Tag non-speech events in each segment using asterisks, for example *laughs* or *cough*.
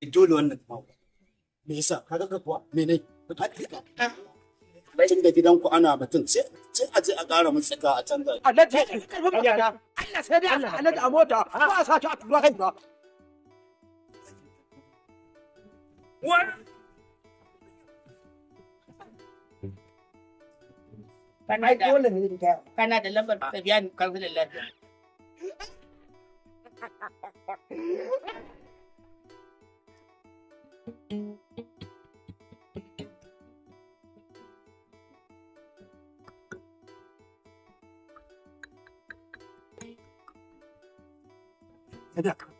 Eh, dole wannan ma me yasa ka ga kuwa me ne ah. tun da ana batun sai a je a ƙara mutsika a can da alhaji karfin magana Allah sai dai Allah a mota ah. a sace a tura kai ba Kana da lambar kan lafiya. *laughs* lafiya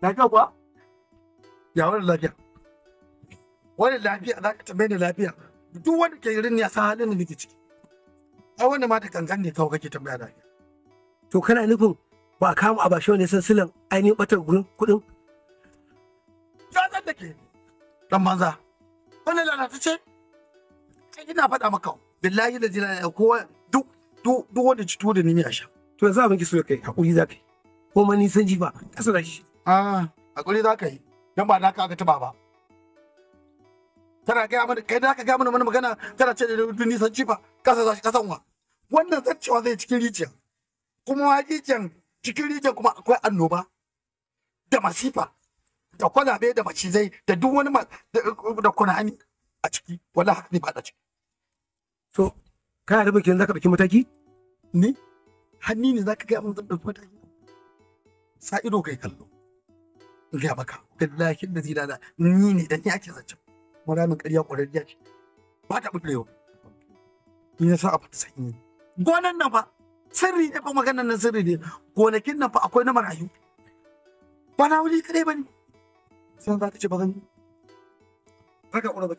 lafiya kuwa ya wani lafiya wani lafiya za ka tambaye ni lafiya duk wanda ke rin ya san halin da nake ciki ai wanda mata kankan ne kawai kake tambaya lafiya to kana nufin ba kama a bashi wani sansilan ainihin batar gurin kuɗin ya zan da ke dan banza wannan lalatacce kai ina faɗa maka billahi da jina kowa duk duk wanda ci tuwo da nimi a sha to yanzu abin ki so kai hakuri za ka yi ko ma nisan ji ba kasa da shi a hakuri za ka yi dan ba ka aka taba ba tana ga mana kai da ka gaya mana wani magana tana ce da duk nisan ji ba kasa za shi kasan wa wannan zaccewa zai cikin rijiya kuma rijiyan cikin rijiya kuma akwai annoba da masifa da kwalabe da macizai da duk wani da kunani a ciki wala haka ba fada ciki so kai da bakin zaka dauki mataki ni hanni ne zaka ga mun da dauki mataki sa ido kai kallo ga baka billahi da da ni ne da ni ake zance maramin ƙarya ƙwararriya ce ba ta yau ni na sa a fata sanyi gonan nan fa sirri ne ba maganar nan sirri ne gonakin nan fa akwai na marayu ba na wuri kare ba ne sen za ka ce ba zan haka ƙura ba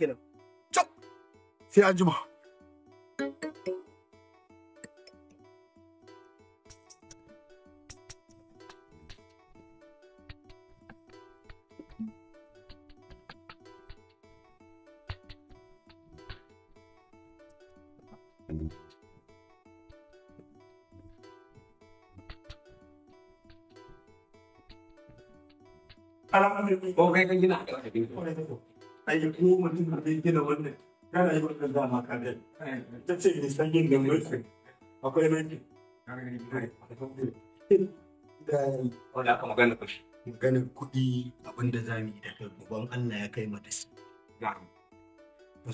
ko kai kan gina a ai ko mutum da bai gina wannan kana yi wannan dama ka dai ta ce ni san yin da mutum akwai mai wanda aka magana kuɗi maganar kuɗi abinda za mu yi da kai gaban Allah ya kai mata shi ka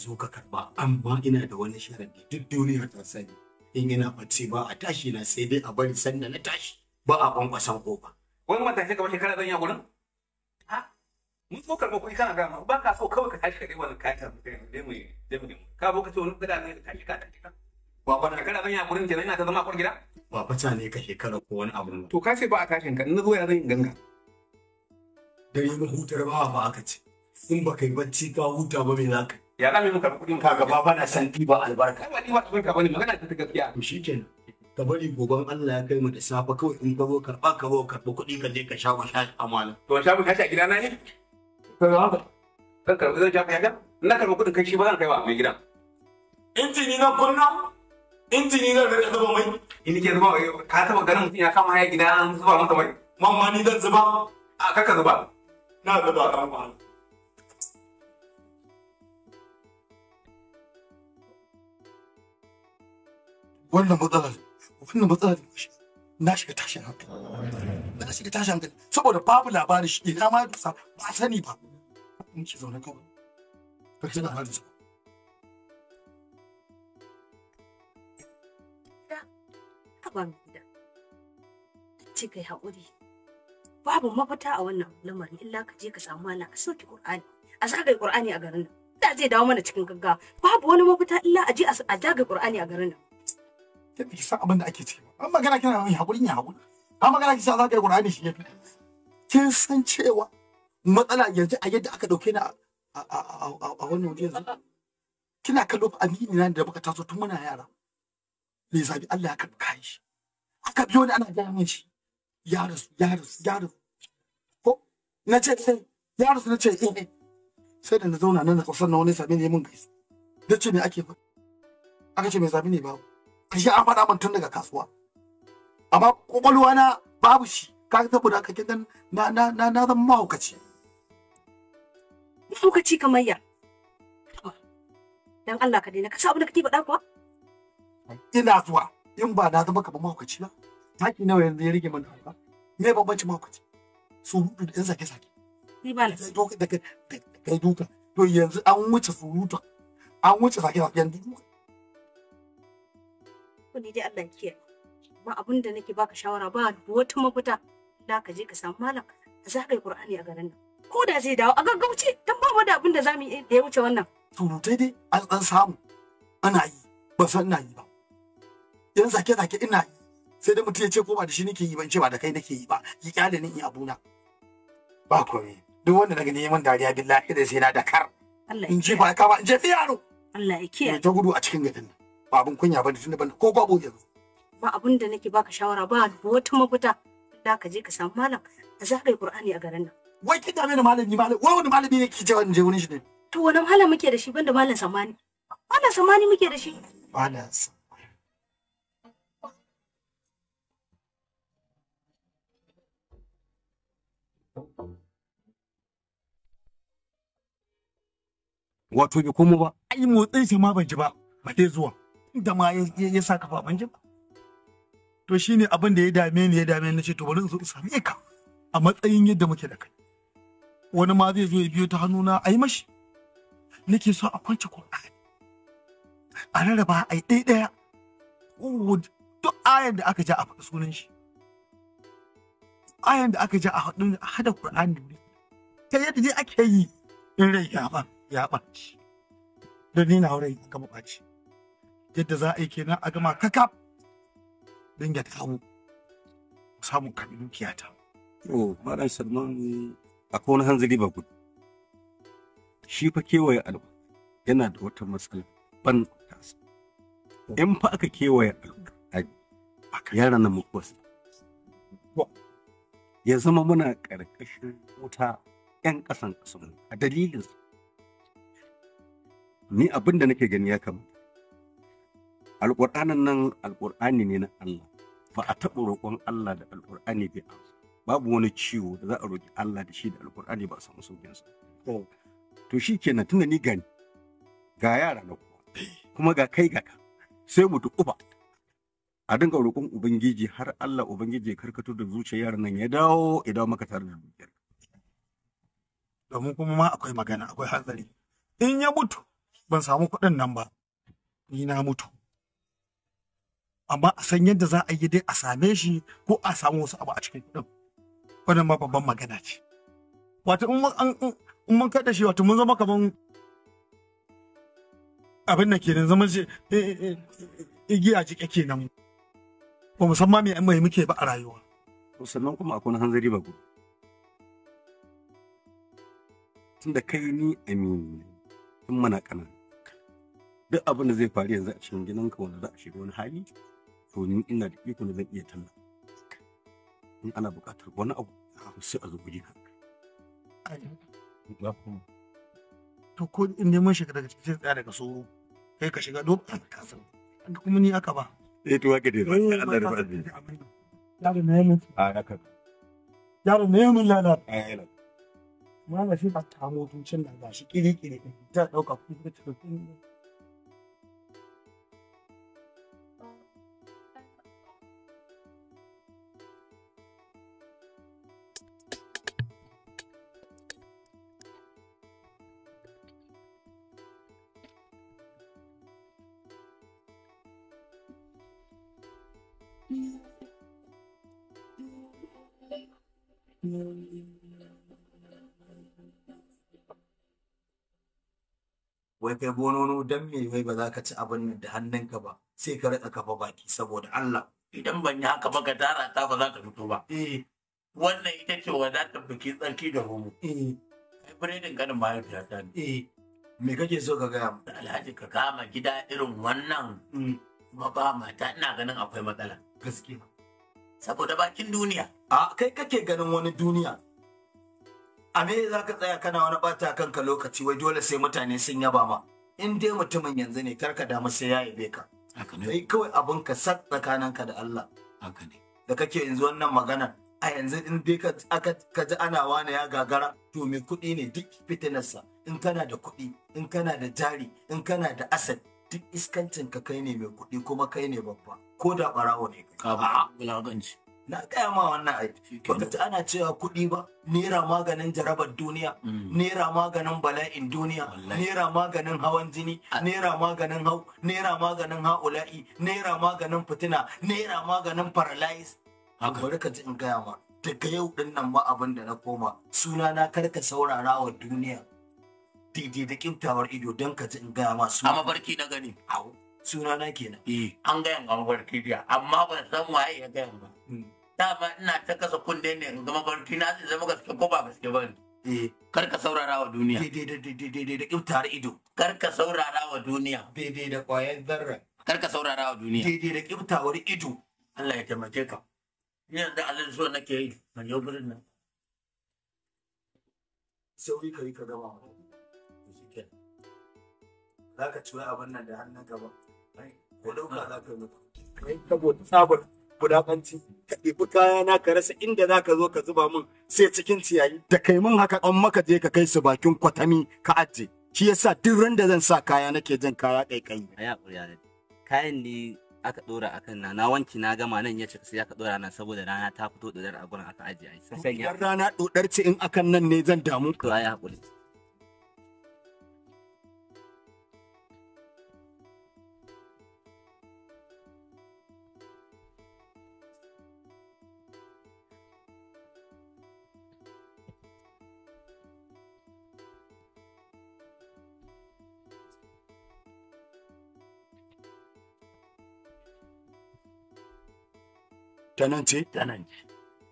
zo ka karba amma ina da wani sharadi duk duniya ta sani in ina bacci ba a tashi na sai dai a bari sannan na tashi ba a kwankwasan ba. wani matashi kamar shekara zan yi a gurin mun so ba kuɗi kana gama ba ka so kawai ka tashi ka kai wannan kayan dai mu dai mu ka bo ka ce wani gada ne ka tashi ka tashi ka ba ba shekara ban ya gurin kenan ina ta zama a gida ba fata ne ka shekara ko wani abu to ka ce ba a tashin ka na zo ya zan ganga dare mu hutar ba ba aka ce in ba kai bacci ka huta ba me zaka ya zame muka kuɗin ka gaba ba na san ɗiba albarka ba ɗiba ka bane magana ta gaskiya to shikenan ka bari goben Allah ya kai mu da safe kawai in ka zo karɓa ka zo karɓa kuɗi ka je ka sha ma sha amana. To sha mu sha a gidana ne? Kan Na kuɗin kai shi ba zan kai wa gidan. na kunna? na mai? zuba taɓa ganin kama gida an zuba ni zuba. A zuba. Na zuba wannan wannan matsalar na shiga tashin hankali na shiga tashin hankali saboda babu labari shi ina ma ba sani ba 你只做能够，本身的还是什么？ban gida. Ce kai haƙuri. Babu mafita a wannan lamarin illa ka je ka samu malam ka sauke Qur'ani. A zagai Qur'ani a garin nan. Da zai dawo mana cikin gaggawa. Babu wani mafita illa a je a zagai Qur'ani a garin nan. Ta bi san abin da ake ce. An magana kina yin haƙuri ne haƙuri. An magana kisa zagai Qur'ani shi ya fi. Kin san cewa matsala yanzu a yadda aka dauke ni a wannan waje yanzu kina kallo fa amini na da muka taso tun muna yara me zabi Allah ya karbi kayan shi aka biyo ni ana gaya shi ya rasu ya rasu ya rasu ko na ce sai eh, ya rasu na ce eh, eh sai da na zauna nan da kausar na wani sami ne mun gaisu na ce me ake fa aka ce me zabi ne babu ka shi an faɗa min tun daga kasuwa amma kwakwalwa na babu shi ka tabbata ka kidan na na na zama mahaukaci Mahaukaci kamar ya. Dan Allah ka daina, ka sa abin da kake faɗa kuwa? Ina zuwa, in ba na zama kamar mahaukaci ba. Taki nawa yanzu ya rage mana haka? Me bambancin mahaukaci? Surutu da 'yan sake-sake. Ni ba na sai. Da kai duka. To yanzu an wuce surutu. An wuce sake-saken duka. Kudi dai Allah kiyaye. Ba abin da nake baka shawara ba wata mafita. Da ka je ka samu malam. Za ka yi Qur'ani a garin nan. ko da zai dawo a gaggauce don ba mu da abin da za mu yi da ya wuce wannan. to dai an san samu ana yi ba san na yi ba. Yan zake-zake ina yi sai da mutum ya ce ko ba da shi nake yi ban ce ba da kai nake yi ba ki kyale ni in abuna. Ba komai duk wanda na gani yaman dariya billahi da sai na da kar. Allah ya ba ka ba in je yaro. Allah ya kiyaye. Ta gudu a cikin gidan nan ba abin kunya ba tunda ban ko babu yanzu. Ba abin da nake baka shawara ba wata mafita. Da ka je ka samu malam a zagaye Qur'ani a garin nan. wai ki dame ni malami malami wai wani malami ne kike wani je wani shi ne to wani malam muke da shi banda malam samani malam samani muke da shi malam Wato bai komo ba, ai motsin shi ma ban ji ba, ba dai zuwa, inda ma ya sa kafa ban ji ba. To shine abin da ya dame ni ya dame ni ce to bari in zo in same ka a matsayin yadda muke da kai. wani ma zai zo ya biyo ta hannuna a yi mashi nake so a kwance ko a rarraba a yi ɗaya ɗaya duk ayan da aka ja a faɗi sunan shi ayan da aka ja a haɗu a hada Qur'ani da ta yadda dai ake yi in rai ya ba ya shi da ni na rai aka ɓaci yadda za a yi kenan a gama kaka, don ya kawo samun karɓi dukiyata. Oh, Malam Salman ko wani hanzari ba gudu shi fa kewaye alwa yana da wata matsala ban tasa in fa aka kewaye alwa aka yara na mutuwas ya zama muna ƙarƙashin wuta 'yan ƙasan ƙasan a dalilin su ni abin da nake gani ya kamata alƙur'anin nan alƙur'ani ne na Allah ba a taɓa roƙon Allah da alƙur'ani bai amsa babu wani ciwo da za a roƙi Allah da shi da alƙur'ani ba a samu saukin sa to shi kenan tunda ni gani ga yara na kuma kuma ga kai ga ka sai mu uba a dinga roƙon ubangiji har Allah ubangiji ya karkato da zuciyar yaran nan ya dawo ya dawo maka tare da dukiyar domin kuma ma akwai magana akwai hanzari in ya mutu ban samu kuɗin nan ba ni na mutu amma a san yadda za a yi dai a same shi ko a samu wasu abu a cikin kuɗin wannan ma babban magana ce wato in mun kada shi wato mun zama kaman abin da ke nan zama shi igiya jike kenan ba musamman me mai muke ba a rayuwa sannan kuma akwai hanzari ba ku tun da kai ni amini tun mana kanan duk abin da zai faru yanzu a cikin gidanka wanda za a shiga wani hali to ni ina da ikon da zan iya tallafa in ana buƙatar wani abu sai a zubi guri ko in neman shiga daga cikin tsaya daga soro kai ka shiga don An kasa kuma ni aka ba eh to haka dai Allah ya rufa yaro ne mun a haka yaro ne mun lalata a yana shi ba ta motocin da ba shi kiri kiri ta dauka kuma ta wai kai bonono dan me wai ba za ka ci abin da hannunka ba sai ka rika kafa baki saboda Allah idan ban yi haka ba ka tara ta ba za ka fito ba eh. wannan ita ce wa zata biki tsarki da homo eh. ai biredin kanin ta ne eh. me kake so ka gaya alhaji ka kama gida irin wannan mm. kuma ba mata ina ganin akwai matsala gaskiya saboda bakin duniya a kai kake ganin wani duniya a me za ka tsaya kana wani bata kanka lokaci wai dole sai mutane sun yaba ma in dai mutumin yanzu ne karka damu sai ya yabe ka kai kawai abin ka tsakanin ka da Allah haka ne da kake yanzu wannan magana a yanzu in dai ka ji ana wani ya gagara to me kuɗi ne duk fitinarsa in kana da kuɗi in kana da jari in kana da asad duk iskancin ka kai ne mai kuɗi kuma kai ne babba ko da ɓarawo ne kai. Ka ba, na gaya ma wannan aiki baka ta ana cewa kuɗi ba nera maganin jarabar duniya mm. nera maganin bala'in duniya nera maganin hawan jini nera maganin hau nera maganin haula'i nera maganin fitina nera maganin paralyze bari ka ji in gaya ma daga yau din nan ma abin da na koma suna na karka saurara wa duniya daidai da kimtawar ido don ka ji in gaya ma su amma barki na gani Suna ke kenan eh. an gayan ga biya, amma ban san waye ya gaya ba hmm. dama ina ta kasa kundin ne in ga mafarki na zai zama gaske ko ba gaske ba ne eh. kar ka saurara wa duniya daidai da kyautar ido kar ka saurara wa duniya daidai da ƙwayar zarra kar ka saurara wa duniya daidai da kyautawar ido Allah ya taimake ka ni yanzu alin so nake yi ban yau birnin nan sauri ka yi ka gama mutum za ka ci abin nan da hannun gaba ko dauka ah. saboda budakanci ka ɗebi kaya na ka rasa inda za ka zo ka zuba mun sai cikin ciyayi da kai min haka an maka je ka kai su bakin kwatami ka ajiye shi yasa duk ran da zan sa kaya nake jin kaya kaikai a ya ƙurya kayan ne aka dora akan na na wanki na gama nan ya cika sai aka dora nan saboda rana ta fito dodar a gurin aka ajiye ai sai rana dodar ce in akan nan ne zan damu to ai hakuri ta nan ce ta nan ce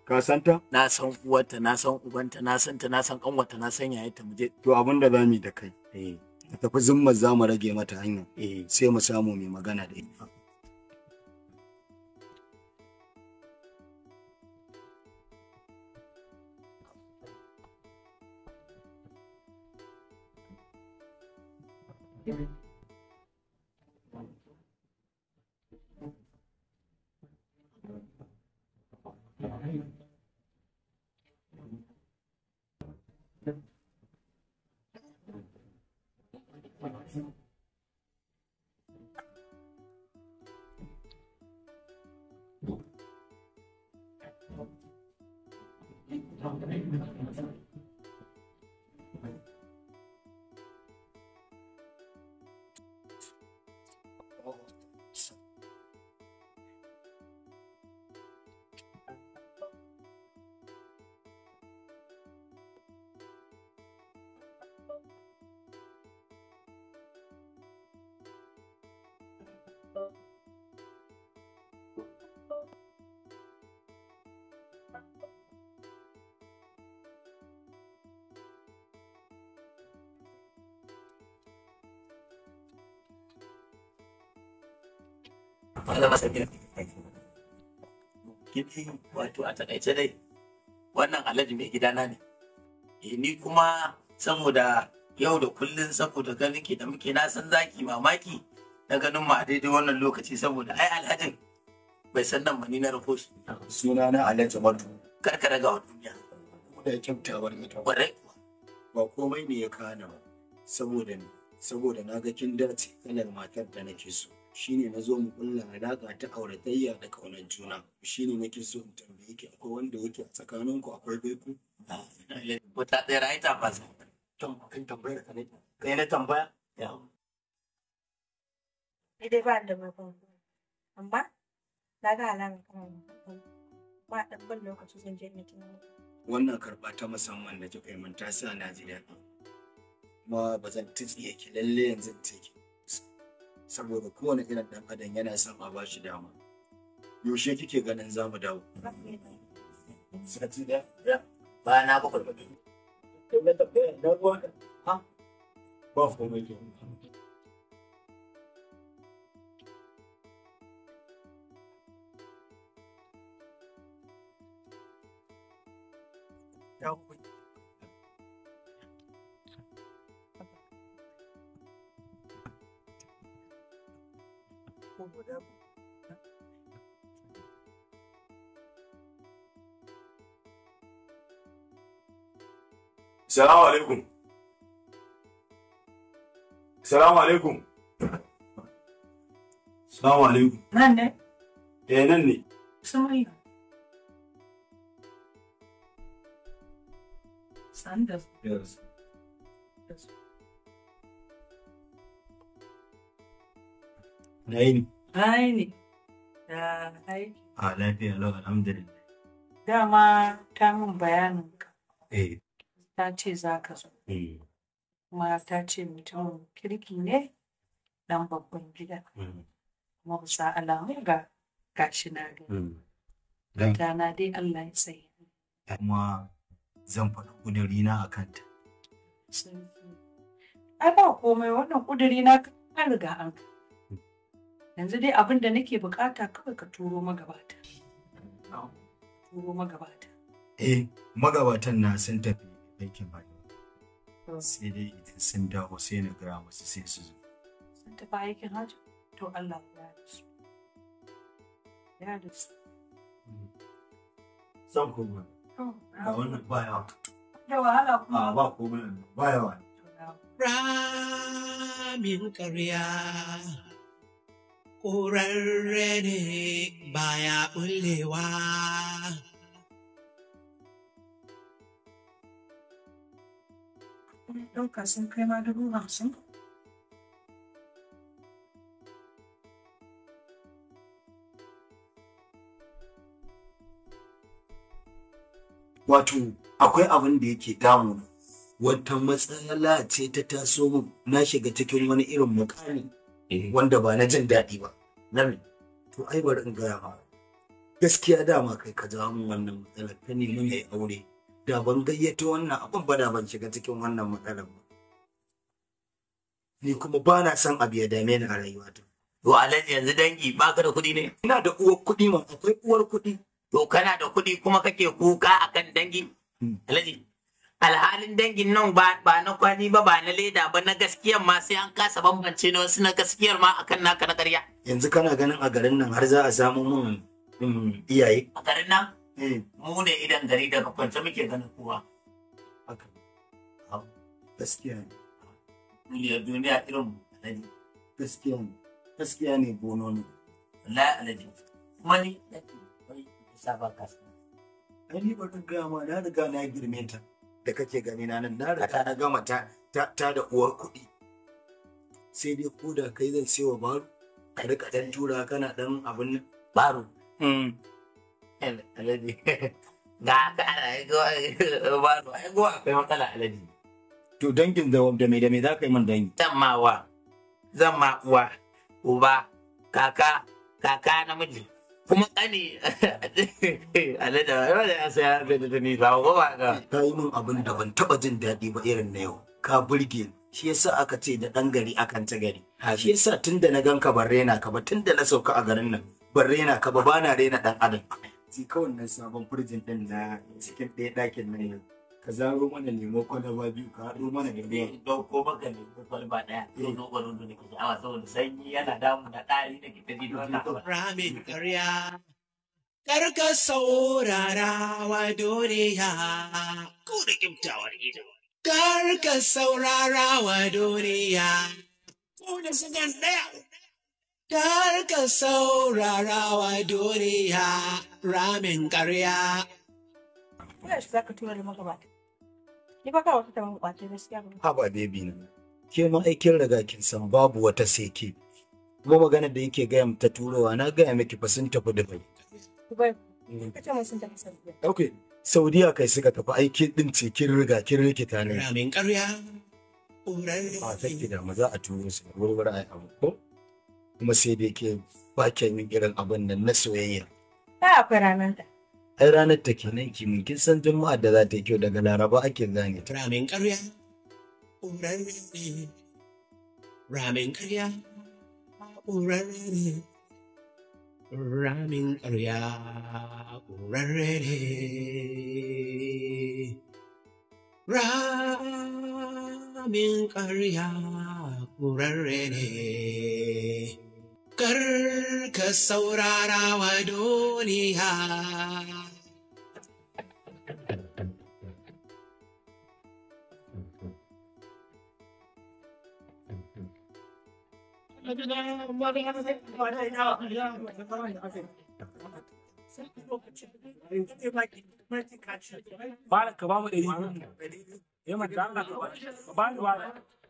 ka san ta na san uwarta na san ubanta na san ta na san kanwarta na san yayarta mu je to abin da za mu yi da kai eh ta tafi zimmar za mu rage mata hanya eh sai mu samu mai magana da ita Thank you. wato a takaice dai wannan alhaji mai gidana ne eh, ni kuma saboda yau da kullum saboda ganin ki da muke na san zaki mamaki na ganin mu a daidai wannan lokaci saboda ai alhajin bai san nan ni na rufo shi. Suna na Alhaji Matu. Karkara ga duniya. Da kyautawar ita. Ƙwarai kuwa. Ba komai ne ya kana ba. Saboda ni. Saboda na ga kin dace kalar matar da nake so. Shi ne na zo mu kulla alaƙa ta auratayya da ƙaunar juna. Shi ne nake so in tambaye ki akwai wanda yake a tsakaninku akwai baiku. Wata ɗaya ra'ayi ta fasa. tambayar ka ne. Kai na tambaya? Daidai ba da mafi amma na ga alamar kan ba ɗan lokaci zan je na tunani. Wannan karɓa ta musamman da kika yi min ta sa na ji daɗi. Kuma ba zan tutsiye ki lalle yanzu ta ki. Saboda kowane irin ɗan adam yana son a ba shi dama. Yaushe kike ganin za mu dawo? Sati da? ba na bakwai bakwai. Kai na tafiya na ruwa. Ha? Ba komai ke. Salamu alaikum. Salamu alaikum. Salamu alaikum. Nan ne? Eh nan ne. Samariya. Sanders. Yes. yes. Naini. Naini. Da aiki. Ah, lafiya lau alhamdulillah. Dama ta min bayanin ka. Eh. ta ce za ka zo. Eh. Kuma ta ce mutumin kirki ne dan babban gida. Mm. Kuma bisa alamu ga gashi na gani. Mm. Tana dai Allah ya sai. Kuma zan faɗi ƙudurina a kanta. Ai ba komai wannan ƙuduri na an riga an Yanzu dai abin da nake bukata kawai ka turo magabata. Turo magabata. Eh, magabatan na sun tafi. aikin hajji sai dai idan sun dawo sai na gara musu sai su zo sun tafi aikin hajji to Allah ya da su ya da su san hmm. kuma a wannan baya da wahala kuma a ba komai baya wani ramin ƙarya ƙorarre ne baya ɓullewa ɗauka sun kai ma dubu hamsin wato akwai abin da yake damu wata matsala ce ta taso na shiga cikin wani irin mukami eh. wanda ba na jin daɗi ba na to ai bari in gaya ma gaskiya dama kai ka jawo min wannan matsalar ta nemi mai aure da ban gayyato wannan abin ba da ban shiga cikin wannan matsalar ba ni kuma ba na son abu ya dame ni a rayuwa ta. to alhaji yanzu dangi ka da kuɗi ne ina da uwar kuɗi ma akwai uwar kuɗi to kana da kuɗi kuma kake kuka akan dangi hmm. alhaji alhalin dangin nan ba na kwani ba ba na leda ba na gaskiyar ma sai an kasa bambance na wasu na gaskiyar ma akan naka na ƙarya. yanzu kana ganin a garin nan har za a samu mun mm, iyaye a garin nan Hmm. mu ne idan gari daga kwance muke ganin kowa haka gaskiya ne miliyar duniya irin mu alaji gaskiya ne gaskiya ne bono ne wallahi alaji kuma ni sa ba ka ai ni ba ta gama ma na riga na girme ta da kake gani na nan na riga na gama ta ta da uwar kuɗi sai dai ko da kai zan sewa baro ka ɗan dan tura kana ɗan abin baro hmm. to dangin da da me da me za ka yi man dangi zan ma wa zan ma uwa uba kaka kaka na miji kuma kani alaji yau da ya sai ya da ni ba ko ba ka Ta yi min abin da ban taba jin daɗi ba irin na yau ka burge shi ya sa aka ce da ɗan gari a ta gari shi sa tun da na gan ka ba rena ka ba tun da na sauka a garin nan Ba rena ka ba ba na rena ɗan adam ji kawai sabon firjin din na cikin ɗaya ɗakin nan yau ka zaro mana lemo kwalaba biyu ka haɗo mana da biyu ko maka lemo kwalaba ɗaya eh. Yau no gwaro da nake sha'awa saboda sanyi yana damu da ɗari da ke tafi don *laughs* ramin karya karka saurara wa duniya ko da kyautawar ido karka saurara wa duniya ko da sagan ɗaya karka saurara wa duniya ramin ƙarya. Kuna shi za ka tura da maka ba. Ni ba ka wasu tamam ƙwace gaskiya ba. Haba bebi na. Ke ma aikin riga kin san babu wata seke. Kuma magana da yake gaya ta turowa na gaya miki fa sun tafi Dubai. Bai. Mm. Ka ce mun sun tafi Saudiya. Okay. Saudiya kai suka tafi aiki din ce kin riga kin rikita ne. Ramin ƙarya. A take da maza a turo su wurwura ai abu ko? Kuma sai dai ke ba kin irin abin nan na soyayya. Ta akwai ranar ta. Ai ranar ta kenan ki mun kin san Juma'a da za ta yi kyau daga Laraba ake zane. Ramin ƙarya. Ramin ƙarya. Ramin ƙarya. Ƙurarre Ramin ƙarya. Ƙurarre kar ka saurara wa duniya.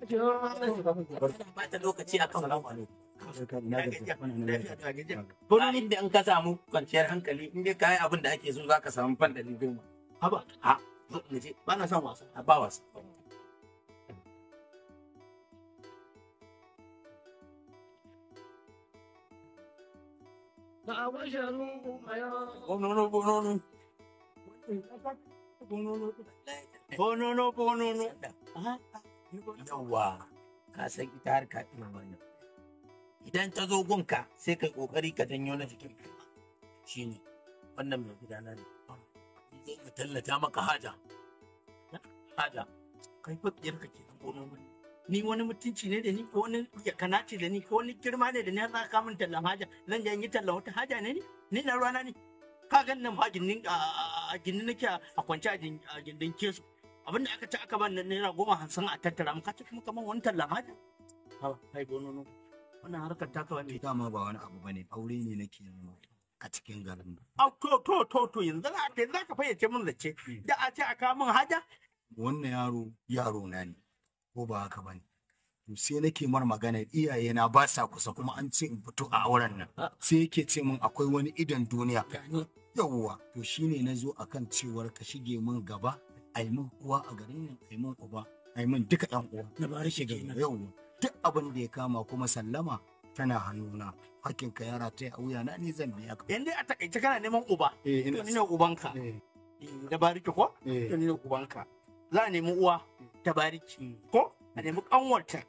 bata a da in ka samu kwanciyar hankali in dai kayi abin da ake so za ka samu fan girma. Haba, ha, ba na son wasa, ba wasa. Bonono, bonono. Bonono, bonono. Bonono, bonono. yawa ka san ita har ka ina wannan idan ta zo gunka sai kai kokari ka janyo na jikin shine wannan mai gudanar ne zai ka tallata maka haja haja kai fa biyar ka ke gono mai ni wani mutunci ne da ni ko wani ya kanace da ni ko wani girma ne da ni za ka min tallan haja zan je yi tallan wata haja ne ni ni na ruwana ne ka gan ba ginin a ginin nake a kwance a gindin kesu abin da aka ci aka bani naira goma hamsin a tattara maka ci kuma kamar wani talla ma da hawa kai gonono wannan harkar ta kawai ne ma ba wani abu bane aure ne nake yi a cikin garin a to to to to yanzu za ka yanzu ka fayyace min zace hmm. da a ce a kawo min haja wannan yaro yaro na ne ko ba haka bane to sai nake mar magana iyaye na ba sa kusa kuma an ce in fito a auren nan ah. sai yake ce min akwai wani idan duniya yawwa to shine na zo akan cewar ka shige min gaba Aiman uwa a garin nan aiman uba aiman duka ɗan uwa na ba rike ga yau duk abin da ya kama kuma sallama tana hannuna hakkin ka yara ta wuya na ni zan biya ka yanzu a takaice kana neman uba eh, to ni ne ubanka eh. Eh, da bariki ko to ni ne ubanka za a nemi uwa ta bariki ko a nemi kanwarta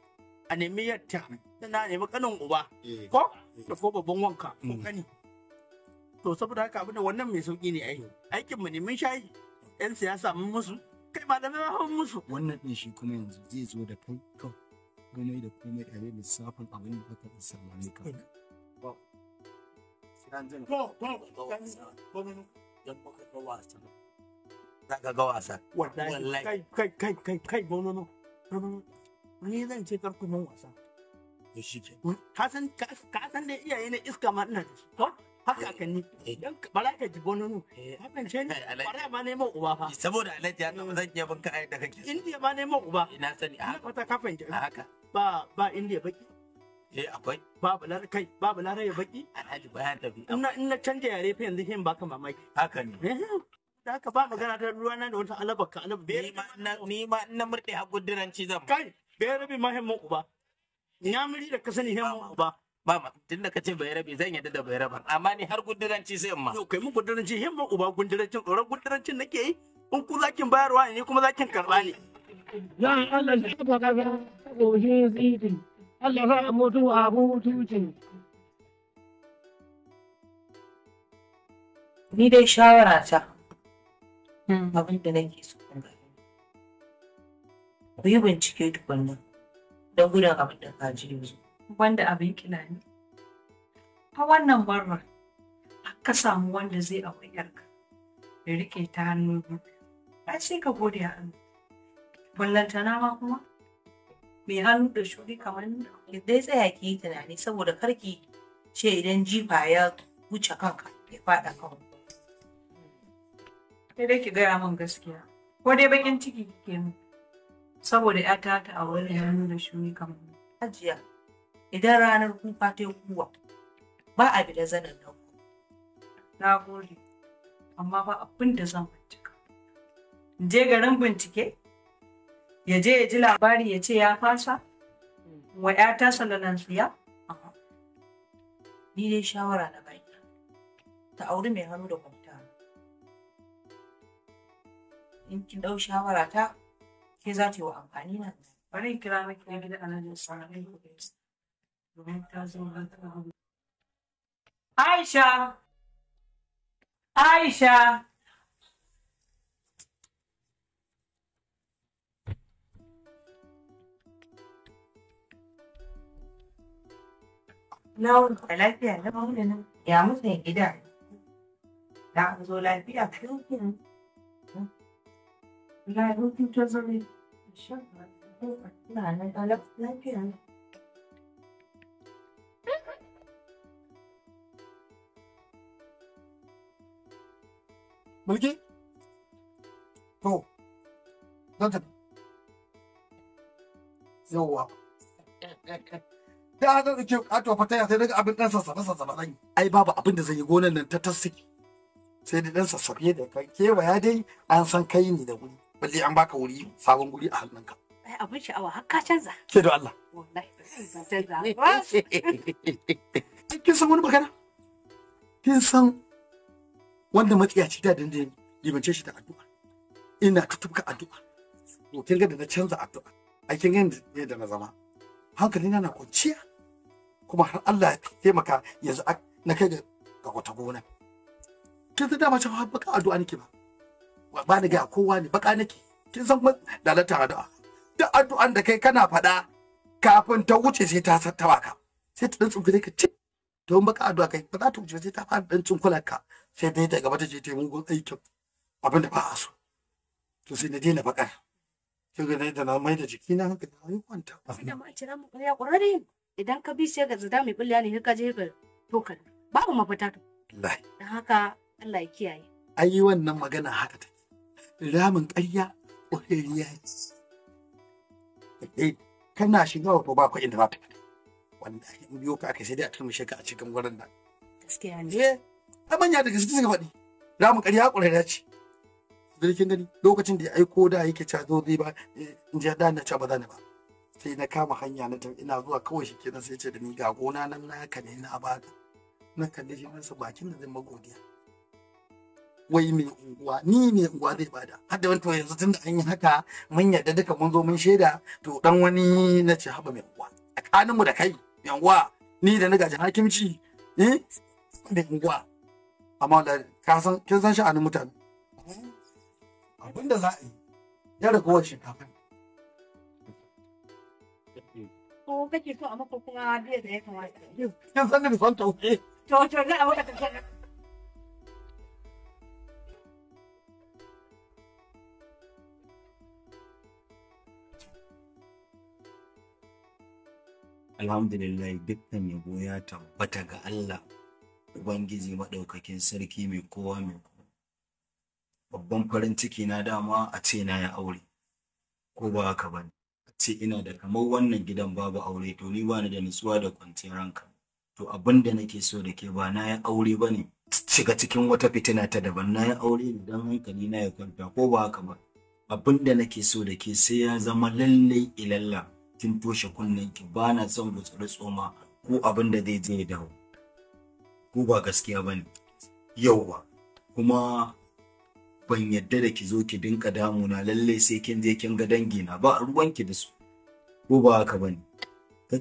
a nemi yatta na nemi kanin uba ko da ko babban wanka ko kani mm. to saboda haka abin da wannan mai sauki ne ai aikin mu neman shayi 'yan siyasa mun musu kai ba da mun musu wannan din shi kuma yanzu zai zo da kai komai da komai a yau lissafin abin da aka isa ma ne kawai za ka ga wasa wallahi kai kai kai kai kai gonono ni zan ce karku mun wasa da shi ke hmm? ka san ka san da iyaye na iska ma ina da shi to haka eh, kan ni eh. idan bara ka ji gononu eh, hakan ce ni bara ma neman uba fa saboda alhaji haka ba zan iya banka ai da kake indiya ma neman uba ina sani a haka ta kafin ki haka ba ba indiya baki eh akwai babu lar kai babu lar ya baki alhaji bayan da bi ina ina canja yare fa yanzu hin baka mamaki haka ne da haka ba magana ta ruwa nan da wata alaba ka alaba ni ma ni ma ina murde hakudiranci zan kai bai rabi mahimmin uba nyamiri da kasani sani uba ba tunda ka ce bai rabe zan yadda da bai raban amma ni har guduranci sai ma yau kai mun guduranci himman uba gudurancin tsoron gudurancin nake yi in ku zakin bayarwa ne kuma zakin karba ne ya Allah ya baka ga shi zidi Allah ya mutu abu ce. ni dai shawara ta hmm, abin da nake so in ga ku yi bincike tukunna don gudun abin da ka ji yanzu wanda abin kina ne. A wannan marar, ka samu wanda zai auri yarka, da rike ta hannu biyu, ai sai ka gode a hannu. Ballantana ma kuma, mai hannu da shuri kamar ni? dai tsaya ki yi tunani saboda karki ce idan jifa ya wuce kanka ya faɗa kawai. Sai dai ki gaya min gaskiya, ko dai bakin ciki kike min, saboda 'ya ta a wani hannu da shuri kamar. Ajiya. idan ranar kuka ta kuwa ba a bi da zanen nan na gode amma ba abin da zan bincika je garin bincike ya je ya ji labari ya ce ya fasa wa ya ta salalan siya ni dai shawara na baki ta auri mai hannu da kwamta in kin dau shawara ta ke za ta yi wa amfani na bari kira miki na gida alhaji sallallahu da su. Aisha! Aisha! Na wani lafiya na maunin ya mutu gida. Da zo lafiya. Lafiya ta zo ne. Ina nan lafiya ne. Mulki? To, zan tafi. Yawwa. Da haka da ke katuwa fataya sai daga abin ɗan sassabe-sassabe. zan Ai babu abin da zai yi gonan nan ta tasiki Sai da ɗan sassafe da kai kewaya dai an san kai ne da wuri. Balle an baka wuri sabon guri a hannunka. Ai abin sha'awa har ka canza. Ke da Allah. Wallahi canza. Kin san wani magana? Kin san wannan matsiyaci da dindin limance shi da addu'a ina tutubka addu'a to kin ga da na canza addu'a a kin ga yadda na zama hankali na na kwanciya kuma har Allah ya taimaka yanzu na kai ga wata gona kin san dama cewa baka addu'a nake ba ba ni ga kowa ne baka nake kin san dalata addu'a Da addu'an da kai kana fada kafin ta wuce sai ta tattaba ka sai ta dan tsunkule ka ce to baka addu'a kai ba za ta wuce sai ta fara dan tsunkular ka sai da ta gaba ta je ta mugun aikin abinda ba a so to sai na na faɗa kin ga da na mai da jiki na haka na kwanta sai da ma a cira mu ƙarya kurare idan ka bi sai ga zada mai bulla ne ka je ga tokar babu mafita to wallahi dan haka Allah ya kiyaye ai wannan magana haka ta ramin ƙarya ƙurariya ce eh, kana shiga wato ba ku inda za ta wallahi in biyo ka kai sai dai a turmushe ka a cikin wurin nan gaskiya ne eh. ai manya da gaske suka faɗi ramin ƙarya ƙwararra ce zirkin gani lokacin da ya aiko da yake cewa zo zai ba eh, in ji da na cewa ba za ni ba sai na kama hanya na tafi ina zuwa kawai shi kenan sai ce da ni ga gona nan naka ne na baka na kalli shi masa bakin da zai magodiya wai mai unguwa ni mai unguwa zai bada har da wani yanzu tunda an yi haka mun yarda duka mun zo mun shaida to dan wani na ce haba mai unguwa tsakaninmu da kai mai unguwa ni da na gaji hakimci eh mai unguwa amma da ka san kin san sha'anin mutane abin da za a yi ya ragowar shinkafa ko kake so a maka kuma biya da ya kamata kin san ni son tauke to to za a Alhamdulillah dukkan yabo ya tabbata ga Allah Ubangiji maɗaukakin sarki mai kowa mai kowa. Babban farin ciki na dama a ce na ya aure, ko ba haka ba ne? A ce ina da kamar wannan gidan babu aure to ni bani da nutsuwa da kwanciyar ranka. To abin da nake so da ke ba na ya aure ba ne shiga cikin wata fitina ta daban na ya aure ne don hankali na ya kwanta ko ba haka ba. Abin da nake so da ke sai ya zama lallai ilalla kin toshe kunnen ki ba na son gutsuri tsoma ko abin da zai je ya dawo. ko ba gaskiya ba ne yauwa kuma ban yadda da ki zo ki dinka na lallai sai kin je kin ga dangina ba ruwan ki da su ko ba haka ba ne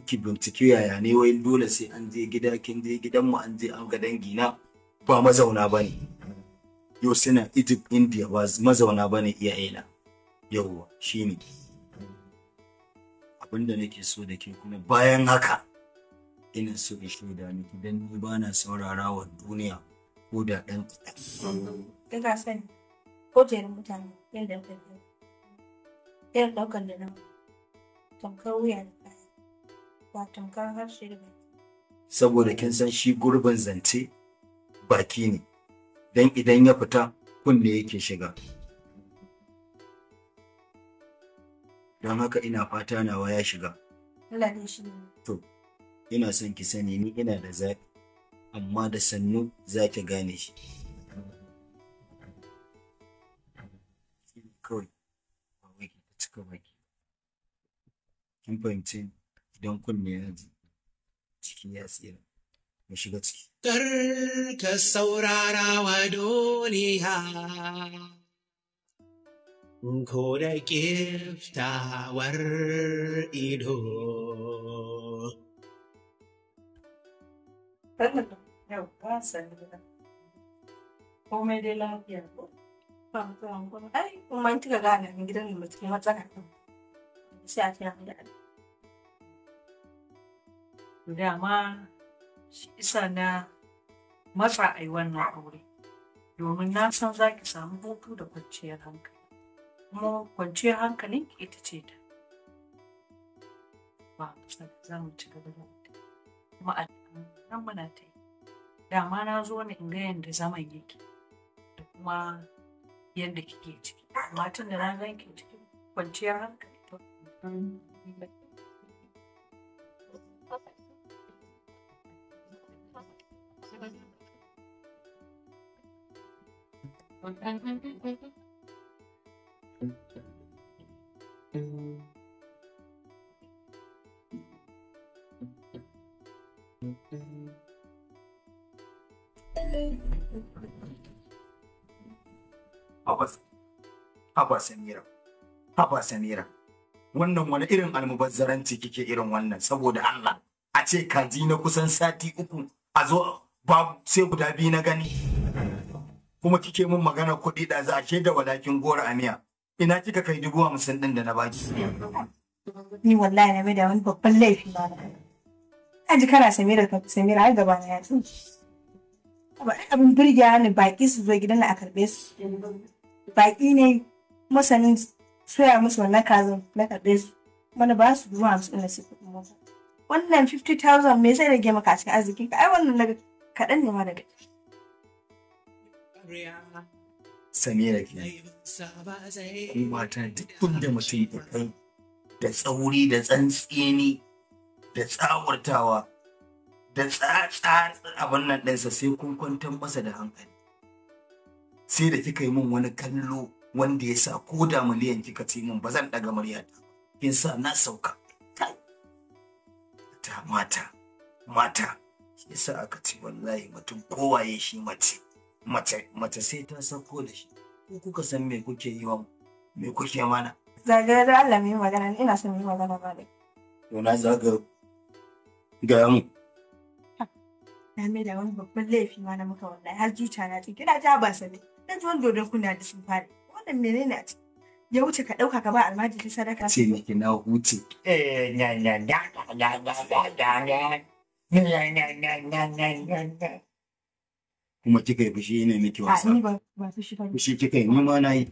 ki bincike yaya ne wai dole sai an je gida kin je gidanmu an je an ga dangina ba mazauna ba ne yau suna egypt india ba mazauna ba ne iyayena yauwa shi ne abinda nake so da ke kuma bayan haka ina so in shaida miki don ni ba na saurara wa duniya ko da ɗan kaɗan. Kika sani ko jerin mutane da ka yi. Irin ɗaukar da nan tamkar wuya da kaya ba tamkar harshe da baki. Saboda kin san shi gurbin zance baki ne don idan ya fita kunne yake shiga. Don haka ina fata nawa ya shiga. Allah ne shi ne. To, yana son ki sani ni ina da zaɓi amma da sannu za ki gane shi kin fahimci don kunne ya ji ciki ya tsira mu shiga ciki kar ka saurara wa duniya ko da kiftawar ido Komai dai lafiya Ba Ai, gidan da Dama shi isa na matsa ayi wannan aure. Domin na san za ki samu hutu da kwanciyar hankali. Kuma kwanciyar hankalin ita ce ta. Ba, za mu ci gaba da kuma nan muna ta yi dama na zo ne in ga yadda zaman yake da kuma yadda kike ciki amma tun da na gan ki ciki kwanciyar hankali to Thank you. haba samira haba samira wannan wani irin almubazzaranci kike irin wannan saboda Allah a ce kaji na kusan sati uku a zo babu sai guda biyu na gani kuma kike mun magana kuɗi da za a da walakin gora a miya ina kika kai dubu hamsin din da na baki ni wallahi na mai da wani babban laifi ba na ji kana samira samira har gaba na ya tsinci abin birgiya ne baki su zo gidan na a karɓe su baki ne masanin soya musu wannan kazan na karɓe su mana ba su zuwa hamsin na su kuɗin mota wannan 50,000 me zai rage maka cikin arzikin ka ai wannan daga kaɗan ne ma daga Samira ke kuma ta dukkan da mutum ya kai da tsauri da tsantsini da tsawartawa da tsatsa abin nan ɗansa, sai kun kwantar masa da hankali sai da kika yi min wani kallo wanda ya sa ko da miliyan kika ce min ba zan ɗaga muryata kin sa na sauka ta mata mata shi sa aka ce wallahi mutum kowaye shi mace mace mace sai ta sauko da shi ko kuka san me kuke yi wa me kuke mana zagara da Allah mai magana ina son yi magana ba da to na zaga ga mu na mai da wani babban laifi ma na muka wallahi har zuciya na ce kina ja ba sani dan ji wani dodon kuna da sun fara wannan menene a ciki ya wuce ka ɗauka ka ba ta sadaka. Ce ne ki na wuce Kuma kika yi fushi ne miki wasa. fushi kika yi ni ma na yi.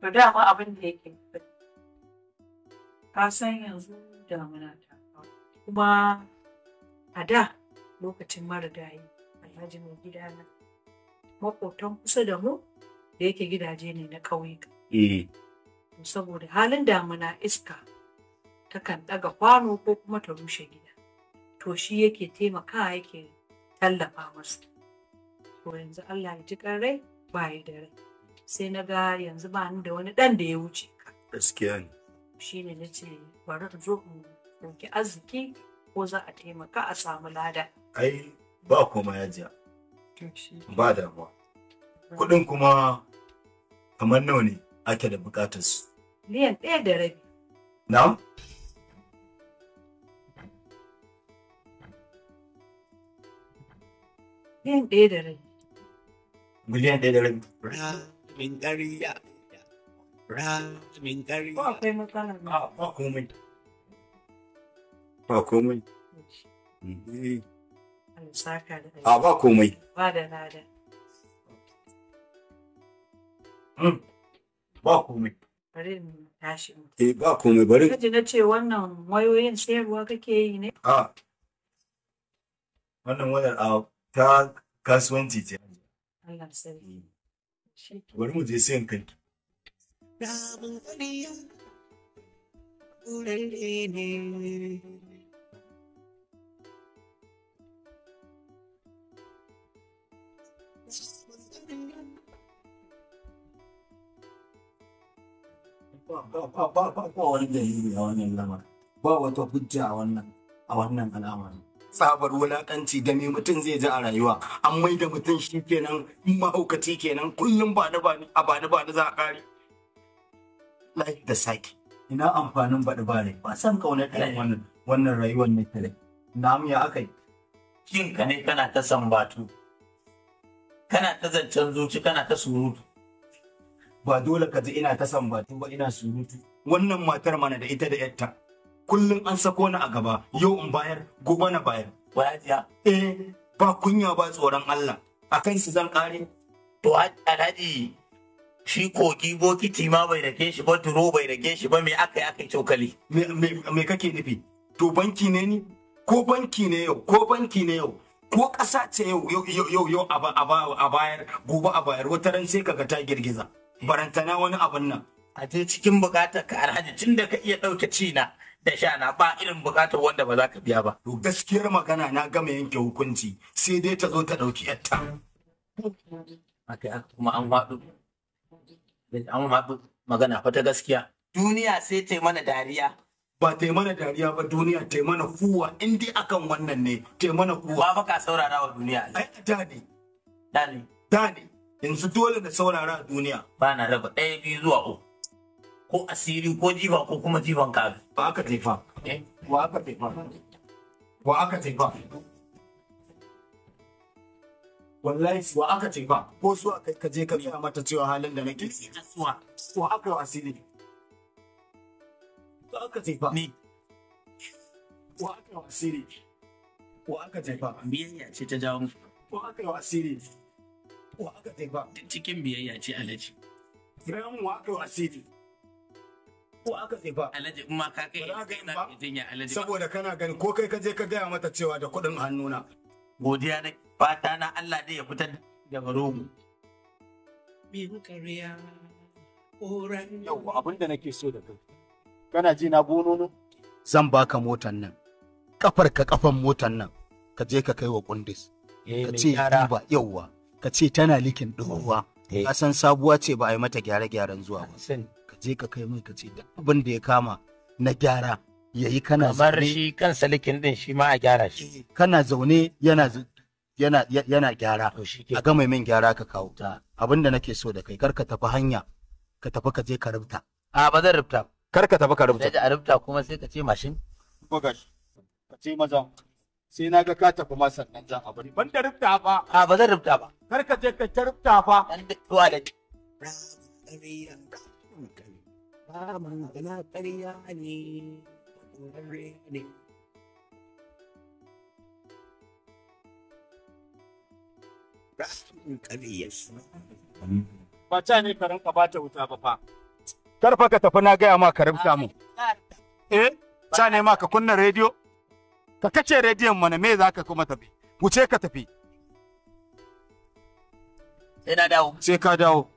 To dama abin da yake ka san yanzu damuna ta kuma a da lokacin marigayi alhaji mai na, makotan kusa da mu da yake gidaje ne na ƙauyuka. Eh. saboda halin damuna iska ta kan ɗaga kwano ko kuma ta rushe gida to shi yake taimaka yake tallafa masa to yanzu Allah ya ji rai ba ya da sai na ga yanzu ba ni da wani ɗan da ya wuce ka gaskiya ne shine na ce bari in zo in ɗauki arziki ko za a taimaka a samu lada. Ai ba koma ya jiya. Ba damuwa. Kuɗin kuma kamar nawa ne ake da buƙatar su. Miliyan ɗaya da rabi. Na? Miliyan ɗaya da rabi. Miliyan ɗaya da rabi. Min ƙariya. ramin ah, Ba komai. Ba komai. Mm-hmm. Ah, ba komai. Ba komai. Hmm. ba komai eh, ce wannan wayoyin sayarwa kake ne? A. Ah. ta hmm. Bari mu je sayan kanki. Namun ƙarya ƙurarre ne. Ba wani dalili a wannan lamar, ba wata hujja a wannan al'amarin. tsabar wulaƙanci da me mutum zai ji a rayuwa an mai da mutum shi kenan mahaukaci kenan kullum ba da ba ni a ba da ba da za a kare lai da sake ina amfanin baɗi ba rai ba san kaunar irin wannan wannan rayuwar ne ta rai namu ya aka yi kin ka ne kana ta sambatu kana ta zancen zuci kana ta surutu ba dole ka ji ina ta sambatu ba ina surutu wannan matar mana da ita da yatta kullum an sako ni a gaba yau in bayar gobe na bayar wajiya eh ba kunya ba tsoron Allah akan su zan kare to alhaji shi kogi bokiti ma bai rage shi ba turo bai rage shi ba mai aka yi aka cokali. Me kake nufi? To banki ne ni? Ko banki ne yau? Ko banki ne yau? Ko ƙasa ce yau yau a bayar gobe a bayar wata ran sai ga ta girgiza. Barantana wani abin nan. A je cikin buƙatar ka alhaji tun da ka iya ɗauke cina da sha na ba irin buƙatar wanda ba za ka biya ba. To gaskiyar magana na gama yanke hukunci sai dai ta zo ta ɗauki yatta. Aka kuma an faɗo. amma magana fa ta gaskiya duniya sai ta mana dariya ba ta mana dariya ba duniya ta mana kuwa in dai akan wannan ne ta mana kuwa ba ka saurara wa duniya ai da ne da ne da ne yanzu dole na saurara duniya ba na raba ɗaya biyu zuwa uku ko asiri ko jifa ko kuma jifan kafi ba aka tefa wa aka jifa eh? wa aka jifa wallahi wa aka ce ba ko su kai ka je ka gaya mata cewa halin da nake ciki suwa suwa aka yi asiri ko aka ce ba ni wa aka yi asiri wa aka ce ba biyayya ce ta jawo wa aka yi asiri wa aka ce ba cikin biyayya ce alaji ran wa aka yi asiri ko aka ce ba alaji in ma ka kai ina jinya alaji saboda kana gani ko kai ka je ka gaya mata cewa da kuɗin hannuna godiya nake fata na Allah dai ya fitar daga rogo min kariya koran yau abin da nake so da kai kana ji na gonono zan baka motan nan kafar ka kafan motan nan ka je ka kai wa kundis eh, ka ce duba yauwa ka ce tana likin ɗoruwa eh. ka san sabuwa ce ba a yi mata gyare-gyaren zuwa ba ka je ka kai mai ka ce duk abin da ya kama na gyara yayi kana zaune. kamar shi kansa likin din shi ma a gyara shi eh, kana zaune yana yana yana gyara a ga mai min gyara ka kawo abin da nake so da kai kar ka tafi hanya ka tafi ka je ka rubuta a ba zan rubuta kar ka tafi ka rubuta a rubuta kuma sai ka ce mashin ko gashi ka ce maza sai na ga ka tafi ma sannan zan abin ban da rubuta ba a ba zan rubuta ba kar ka je ka ta rubuta fa. dan da tuwa da ba man kana ƙarya ne ne Ba ca ne ka rinka ba ta wuta ba fa. Karfa ka tafi na gaya ma ka rubuta mu. Eh, ca ne ma ka kunna rediyo? Ka kace rediyon mana me za ka kuma tafi? Wuce ka tafi. Sai na dawo. Sai ka dawo.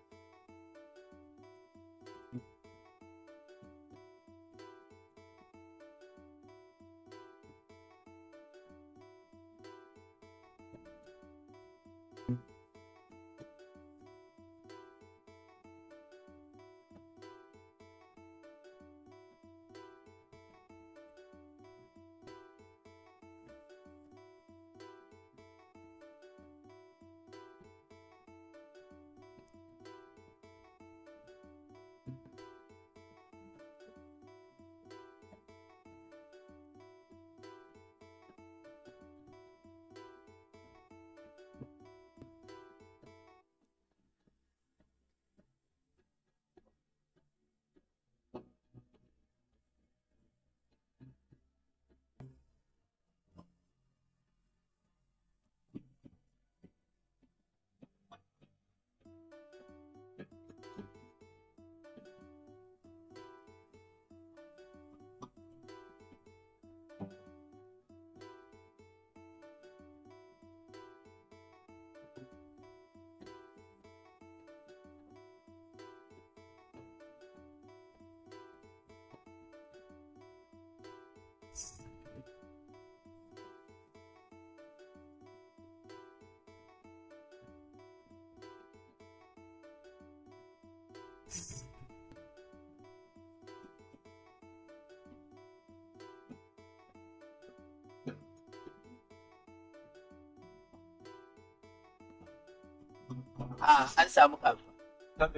a ah, an samu kasuwa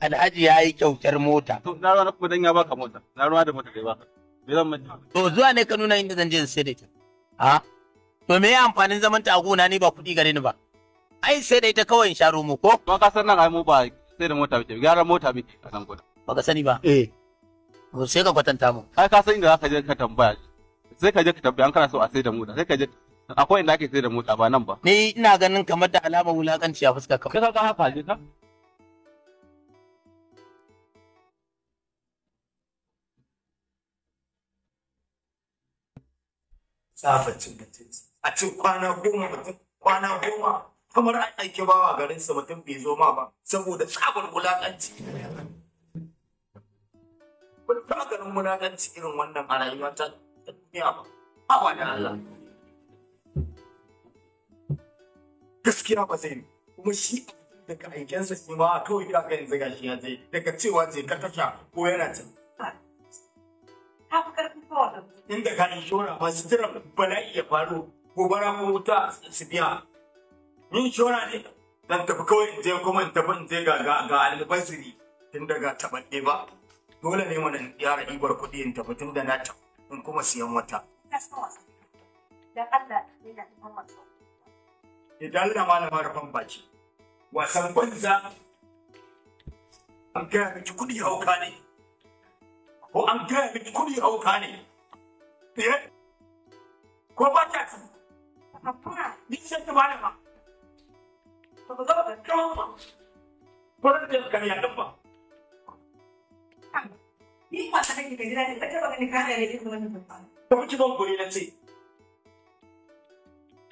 alhaji ya yi kyautar mota to na ruwa kuma dan ya baka mota na ruwa da mota da ya baka me zan manta to zuwa ne ka nuna inda zan je in sai da ita Ha? to me ya amfanin zaman ta gona ni ba kuɗi gare ni ba ai sai da ita kawai in sha romo ko to ka san nan ai mu ba sai da mota muke gyaran mota muke a nan Ba baka sani ba eh to sai ka kwatanta mu ai ka san inda za ka je ka tambaya sai ka je ka tambaya an kana so a sai da mota sai ka je akwai inda ake sai da motsa ba nan ba ni ina ganin kamar da alamar wulakanci a fuska ka kaga haka je ka tsafacin mutunci a cin kwana goma mutum kwana goma kamar an aike bawa garinsa mutum bai zo ma ba saboda tsabar wulakanci ba garin wulakanci irin wannan a rayuwa ta duniya ba ba da Allah gaskiya ba zai kuma shi daga aikensa shi ma kawai ka ga zaga shi ya je daga cewa je ka tasha ko yana can ta fi karfin kawai inda ka inshora masu jiran bala'i ya faru bara ko wuta su biya ni inshora ne dan tafi kawai in je kuma in tafi in je ga ga ga albasiri tun daga taɓaɗe ba dole ne wannan in yara ibar kuɗi in tafi tun da na tafi in kuma siyan wata. da Allah ne na kuma masu idan Allah malama rafan baki wasan banza an gaya miki kudi hauka ne ko an gaya miki kudi hauka ne eh? ko ba ta ci ni ce ta malama ba ba za ka kawo ba ba za ya dan ni ba ta kake da jira ta ba ne kana da ilimin wannan ba ta wuce ban na ce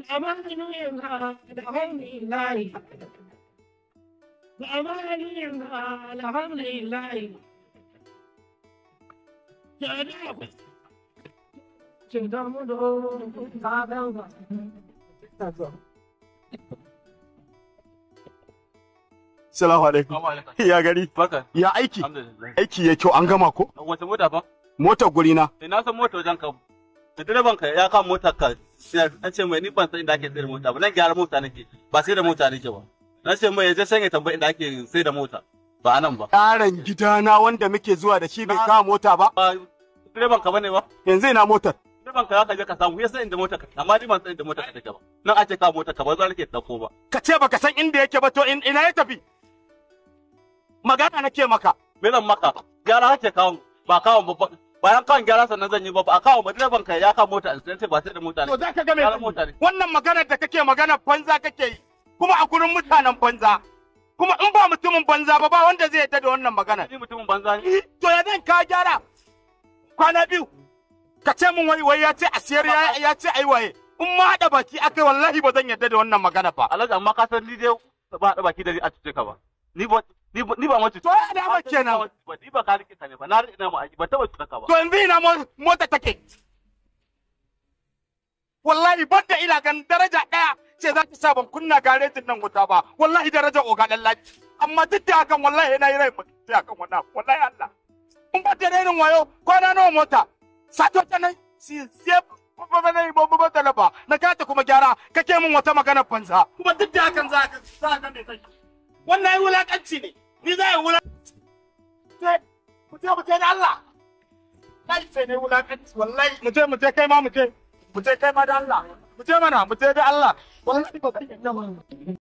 Salamu alaikum. Ya gari. Ya aiki. Aiki ya kyau an gama ko? Wata mota ba? Mota gurina. Ina eh, san mota wajen ka. Da direban ka ya kan motar ka na ce mai ni ban san inda ake sayar da mota ba nan gyara mota nake ba sai da mota nake ba na ce mai yaje sai ya tambayi inda ake sai da mota ba nan ba yaron gidana wanda muke zuwa da shi bai kawo mota ba direban ka bane ba yanzu ina motar direban ka zaka je ka samu ya san inda mota ka amma ni ban san inda mota ka take ba nan ake kawo mota ka ba za nake dauko ba ka ce baka san inda yake ba to ina ya tafi magana nake maka me zan maka gyara kake kawo ba kawo babban bayan kan gyara sannan zan yi ba a kawo ma direban kai ya kawo mota accident ba sai da mota ne to zaka ga me wannan maganar da kake magana banza kake yi kuma a gurin mutanen banza kuma in ba mutumin banza ba ba wanda zai yadda da wannan magana ni mutumin banza ne eh, to ya zan ka gyara kwana biyu ka ce min wai wai ya ce a siyar ya ce ai waye in ma haɗa baki akai wallahi ba zan yadda da wannan magana ba alhaji amma ka san ni dai ba haɗa baki da ni a cuce ka ba ni ba ni ba mace to da ba kenan ba ni ba ka rike ta ne ba na rike na mu aji ba taba tuka ba to yanzu ina mota take wallahi da ina gan daraja daya ce za ki sa ban kunna garejin nan wuta ba wallahi daraja oga dan amma duk da hakan wallahi ina yi rai mutunci akan wannan wallahi Allah kun ba tare ni wayo kwana nawa mota sato ta nan si sai ba na yi babba talaba na kata kuma gyara kake min wata magana banza kuma duk da hakan za ka za ka ne take wannan yi wulakanci ne ni za a yi wulakanci mu je mu je da Allah kai sai ne wulakanci wallahi mu je mu je kai ma mu je mu je kai ma da Allah mu je mana mu je da Allah wallahi ba kai da